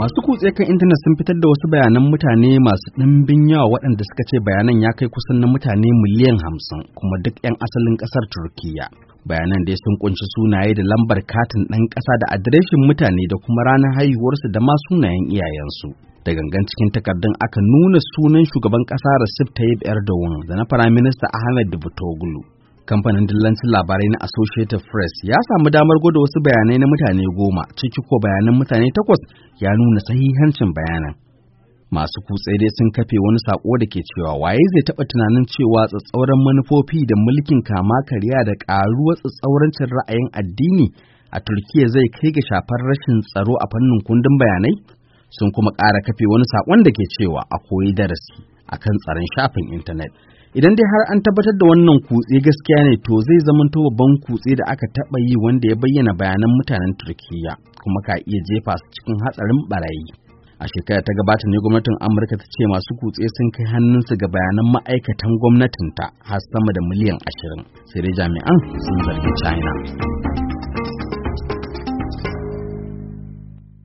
Masu kutse kan intanet sun fitar da wasu bayanan mutane masu ɗimbin yawa waɗanda suka ce bayanan ya kai kusan na mutane miliyan hamsin kuma duk 'yan asalin ƙasar Turkiyya. Bayanan dai sun kunshi sunaye da lambar katin ɗan ƙasa da adireshin mutane da kuma ranar haihuwarsu da ma sunayen iyayensu. Da gangan cikin takardun aka nuna sunan shugaban ƙasa Recep Tayyip Erdogan da na Firaminista Ahmed Davutoglu. Kamfanin dillancin labarai na Associated Press ya samu damar gwada wasu bayanai na mutane goma, ciki ko bayanan mutane takwas ya nuna sahihancin bayanan. Masu kutse dai sun kafe wani sako da ke cewa waye zai taɓa tunanin cewa tsatsauran manufofi da mulkin kama karya da ƙaruwar tsatsaurancin ra'ayin addini a Turkiyya zai kai ga shafar rashin tsaro a fannin kundin bayanai? Sun kuma ƙara kafe wani sakon da ke cewa a koyi darasi akan tsaron shafin intanet. idan dai har an tabbatar da wannan kutse gaskiya ne to zai zamanto babban kutse da aka taɓa yi wanda ya bayyana bayanan mutanen turkiya kuma ka iya jefa su cikin hatsarin barayi a shekara ta gabata ne gwamnatin amurka ta ce masu kutse sun kai hannunsu ga bayanan ma'aikatan gwamnatinta har sama da miliyan ashirin sai dai jami'an sun zargi china